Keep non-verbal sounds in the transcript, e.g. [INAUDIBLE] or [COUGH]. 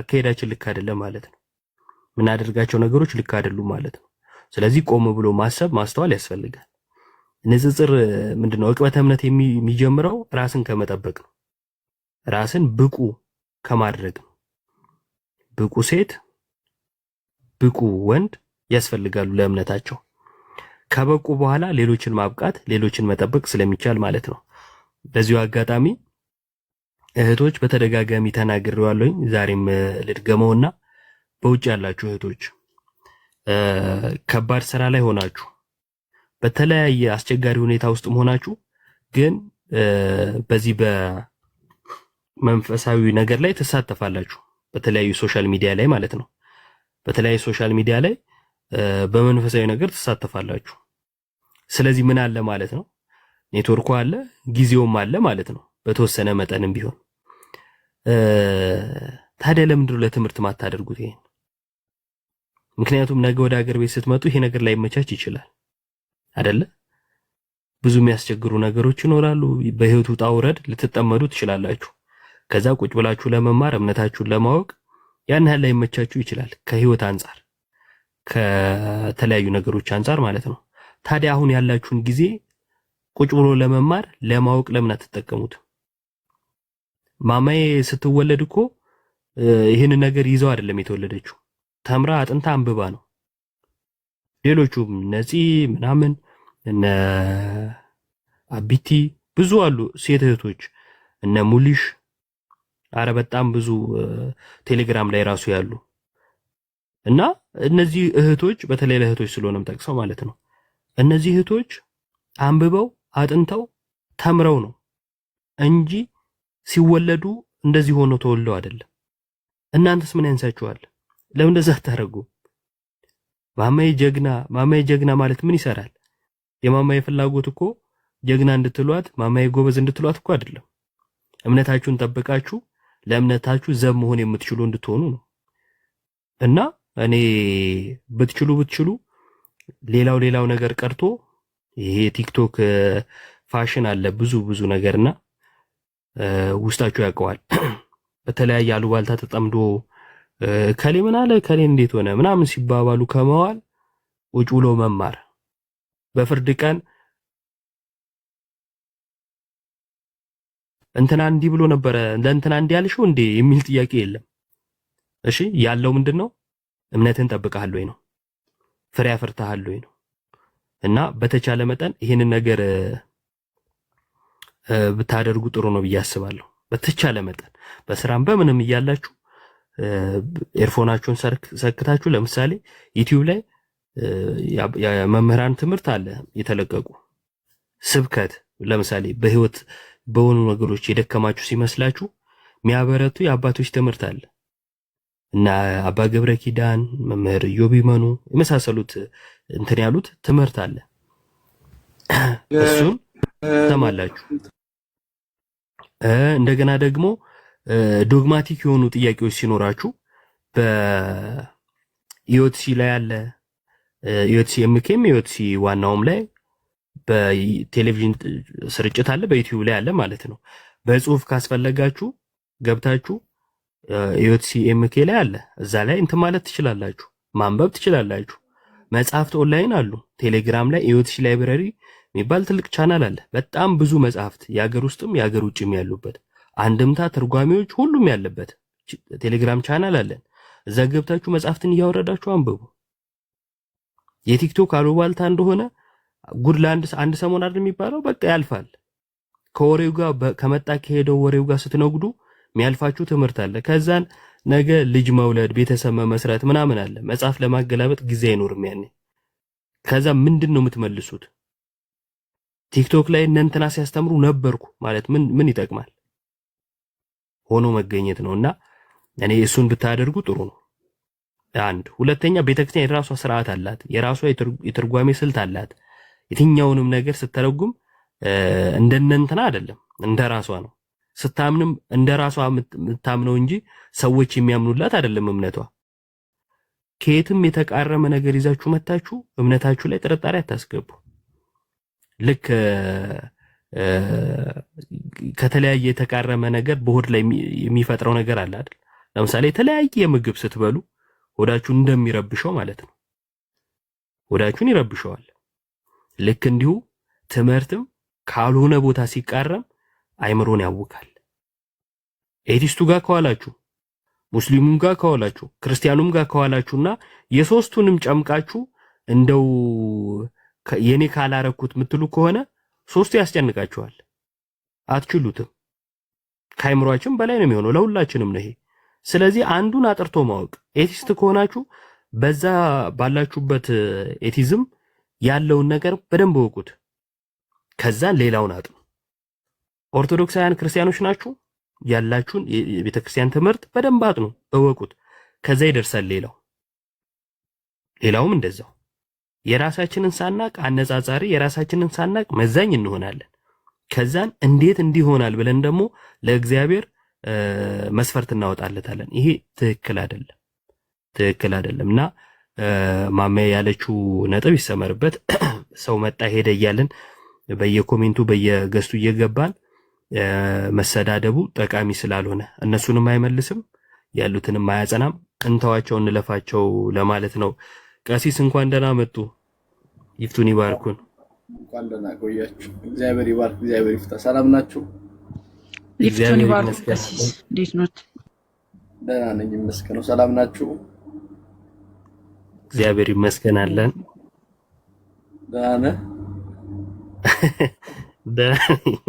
አካሄዳችን ልክ አይደለም ማለት ነው። የምናደርጋቸው ነገሮች ልክ አይደሉም ማለት ነው። ስለዚህ ቆም ብሎ ማሰብ ማስተዋል ያስፈልጋል። ንጽጽር ምንድነው? እቅበተ እምነት የሚጀምረው ራስን ከመጠበቅ ነው። ራስን ብቁ ከማድረግ ነው። ብቁ ሴት፣ ብቁ ወንድ ያስፈልጋሉ ለእምነታቸው። ከበቁ በኋላ ሌሎችን ማብቃት፣ ሌሎችን መጠበቅ ስለሚቻል ማለት ነው። በዚሁ አጋጣሚ እህቶች በተደጋጋሚ ተናግሬዋለሁኝ፣ ዛሬም ልድገመውና በውጭ ያላችሁ እህቶች ከባድ ስራ ላይ ሆናችሁ በተለያየ አስቸጋሪ ሁኔታ ውስጥ መሆናችሁ ግን በዚህ በመንፈሳዊ ነገር ላይ ትሳተፋላችሁ። በተለያዩ ሶሻል ሚዲያ ላይ ማለት ነው። በተለያዩ ሶሻል ሚዲያ ላይ በመንፈሳዊ ነገር ትሳተፋላችሁ። ስለዚህ ምን አለ ማለት ነው፣ ኔትወርኩ አለ፣ ጊዜውም አለ ማለት ነው፣ በተወሰነ መጠንም ቢሆን ታዲያ ለምንድን ነው ለትምህርት ማታደርጉት ይሄን? ምክንያቱም ነገ ወደ ሀገር ቤት ስትመጡ ይሄ ነገር ላይመቻች ይችላል አይደለ? ብዙ የሚያስቸግሩ ነገሮች ይኖራሉ። በህይወቱ ውጣ ውረድ ልትጠመዱ ትችላላችሁ። ከዛ ቁጭ ብላችሁ ለመማር እምነታችሁን ለማወቅ ያን ያህል መቻችሁ ይችላል። ከህይወት አንጻር፣ ከተለያዩ ነገሮች አንጻር ማለት ነው። ታዲያ አሁን ያላችሁን ጊዜ ቁጭ ብሎ ለመማር ለማወቅ ለምን አትጠቀሙትም? ማማዬ ስትወለድ እኮ ይህን ነገር ይዘው አይደለም የተወለደችው። ተምራ አጥንታ አንብባ ነው። ሌሎቹም ነፂ ምናምን እነ አቢቲ ብዙ አሉ ሴት እህቶች እነ ሙሊሽ፣ አረ በጣም ብዙ ቴሌግራም ላይ ራሱ ያሉ እና እነዚህ እህቶች በተለይ ለእህቶች ስለሆነም ጠቅሰው ማለት ነው። እነዚህ እህቶች አንብበው አጥንተው ተምረው ነው እንጂ ሲወለዱ እንደዚህ ሆኖ ተወልደው አይደለም። እናንተስ ምን ያንሳችኋል? ለምን እንደዛ ታደርጉ? ማማዬ ጀግና፣ ማማዬ ጀግና ማለት ምን ይሰራል? የማማዬ ፍላጎት እኮ ጀግና እንድትሏት፣ ማማዬ ጎበዝ እንድትሏት እኮ አይደለም። እምነታችሁን ጠብቃችሁ ለእምነታችሁ ዘብ መሆን የምትችሉ እንድትሆኑ ነው። እና እኔ ብትችሉ ብትችሉ ሌላው ሌላው ነገር ቀርቶ ይሄ ቲክቶክ ፋሽን አለ ብዙ ብዙ ነገርና ውስጣቸው ያውቀዋል። [CLEARS THROAT] በተለያየ አሉባልታ ተጠምዶ ከሌ ምን አለ ከሌ እንዴት ሆነ ምናምን ሲባባሉ ከመዋል ውጭ ውሎ መማር በፍርድ ቀን እንትና እንዲህ ብሎ ነበረ ለእንትና እንዲህ ያልሽው እንዴ የሚል ጥያቄ የለም። እሺ ያለው ምንድን ነው? እምነትን ጠብቀሃል ወይ ነው፣ ፍሬ አፍርተሃል ወይ ነው። እና በተቻለ መጠን ይህንን ነገር ብታደርጉ ጥሩ ነው ብዬ አስባለሁ። በተቻለ መጠን በስራም በምንም እያላችሁ ኤርፎናችሁን ሰክታችሁ ለምሳሌ ዩቲዩብ ላይ የመምህራን ትምህርት አለ የተለቀቁ ስብከት ለምሳሌ በህይወት በሆኑ ነገሮች የደከማችሁ ሲመስላችሁ የሚያበረቱ የአባቶች ትምህርት አለ እና አባ ገብረ ኪዳን መምህር ዮቢመኑ የመሳሰሉት እንትን ያሉት ትምህርት አለ [CLEARS THROAT] እሱን ትሰማላችሁ። እንደገና ደግሞ ዶግማቲክ የሆኑ ጥያቄዎች ሲኖራችሁ በኢዮትሲ e ላይ አለ። ኢዮትሲ ኤምኬም ኢዮትሲ ዋናውም ላይ በቴሌቪዥን ስርጭት አለ፣ በዩቲዩብ ላይ አለ ማለት ነው። በጽሁፍ ካስፈለጋችሁ ገብታችሁ ኢዮትሲ ኤምኬ e ላይ አለ። እዛ ላይ እንትን ማለት ትችላላችሁ፣ ማንበብ ትችላላችሁ። መጽሐፍት ኦንላይን አሉ። ቴሌግራም ላይ ኢዮትሲ e ላይብረሪ የሚባል ትልቅ ቻናል አለ። በጣም ብዙ መጽሐፍት የሀገር ውስጥም የሀገር ውጭም ያሉበት አንድምታ ተርጓሚዎች፣ ሁሉም ያለበት ቴሌግራም ቻናል አለን። እዛ ገብታችሁ መጽሐፍትን እያወረዳችሁ አንብቡ። የቲክቶክ አሉባልታ እንደሆነ ጉድ ለአንድ አንድ ሰሞን አይደል የሚባለው፣ በቃ ያልፋል። ከወሬው ጋር ከመጣ ከሄደው ወሬው ጋር ስትነጉዱ የሚያልፋችሁ ትምህርት አለ። ከዛን ነገ ልጅ መውለድ፣ ቤተሰብ መመስረት ምናምን አለ። መጽሐፍ ለማገላበጥ ጊዜ አይኖርም ያኔ። ከዛ ምንድን ነው የምትመልሱት? ቲክቶክ ላይ እነ ሲያስተምሩ ነበርኩ ማለት ምን ምን ይጠቅማል? ሆኖ መገኘት ነውና እኔ እሱን ብታደርጉ ጥሩ ነው። አንድ ሁለተኛ፣ ቤተክርስቲያን የራሷ ስርዓት አላት፣ የራሷ የትርጓሜ ስልት አላት። የትኛውንም ነገር ስትተረጉም እንደነንትና አይደለም፣ እንደራሷ ነው። ስታምንም እንደራሷ የምታምነው እንጂ ሰዎች የሚያምኑላት አይደለም እምነቷ። ከየትም የተቃረመ ነገር ይዛችሁ መታችሁ እምነታችሁ ላይ ጥርጣሬ አታስገቡ። ልክ ከተለያየ የተቃረመ ነገር በሆድ ላይ የሚፈጥረው ነገር አለ አይደል? ለምሳሌ የተለያየ ምግብ ስትበሉ ሆዳችሁን እንደሚረብሸው ማለት ነው። ሆዳችሁን ይረብሸዋል። ልክ እንዲሁ ትምህርትም ካልሆነ ቦታ ሲቃረም አይምሮን ያውካል። ኤቲስቱ ጋር ከዋላችሁ፣ ሙስሊሙም ጋር ከዋላችሁ፣ ክርስቲያኑም ጋር ከዋላችሁና የሶስቱንም ጨምቃችሁ እንደው የኔ ካላረኩት የምትሉ ከሆነ ሶስቱ ያስጨንቃችኋል፣ አትችሉትም። ከአይምሯችን በላይ ነው የሚሆነው ለሁላችንም ነው ይሄ። ስለዚህ አንዱን አጥርቶ ማወቅ ኤቲስት ከሆናችሁ በዛ ባላችሁበት ኤቲዝም ያለውን ነገር በደንብ ወቁት። ከዛ ሌላውን አጥኑ። ኦርቶዶክሳውያን ክርስቲያኖች ናችሁ፣ ያላችሁን የቤተክርስቲያን ትምህርት በደንብ አጥኑ፣ እወቁት። ከዛ ይደርሳል ሌላው ሌላውም እንደዛው የራሳችንን ሳናቅ አነጻጻሪ የራሳችንን ሳናቅ መዛኝ እንሆናለን። ከዛን እንዴት እንዲሆናል ብለን ደግሞ ለእግዚአብሔር መስፈርት እናወጣለታለን። ይሄ ትክክል አይደለም፣ ትክክል አይደለም እና ማመያ ያለችው ነጥብ ይሰመርበት። [CLEARS THROAT] ሰው መጣ ሄደ እያለን በየኮሜንቱ በየገስቱ እየገባን መሰዳደቡ ጠቃሚ ስላልሆነ እነሱንም አይመልስም ያሉትንም አያጸናም። እንተዋቸው እንለፋቸው ለማለት ነው። ቀሲስ እንኳን ደህና መጡ። ይፍቱን ይባርኩን። እንኳን ደህና ቆያችሁ። እግዚአብሔር ይባርክ፣ እግዚአብሔር ይፍታ። ሰላም ናችሁ? ይፍቱን ይባርክ። ቀሲስ እንዴት ኖት? ደህና ነኝ ይመስገነው። ሰላም ናችሁ? እግዚአብሔር ይመስገን አለን። ደህና ነህ? ደህና